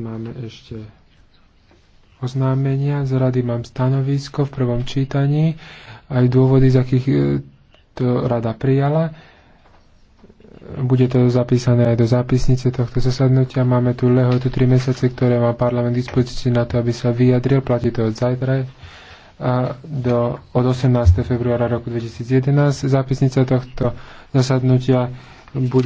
Máme ešte oznámenia. Z rady mám stanovisko v prvom čítaní, aj dôvody, z akých e, to rada prijala. Bude to zapísané aj do zápisnice tohto zasadnutia. Máme tu lehotu 3 mesiace, ktoré má parlament dispozície na to, aby sa vyjadril. Platí to od zajtra a do, od 18. februára roku 2011. Zápisnica tohto zasadnutia bude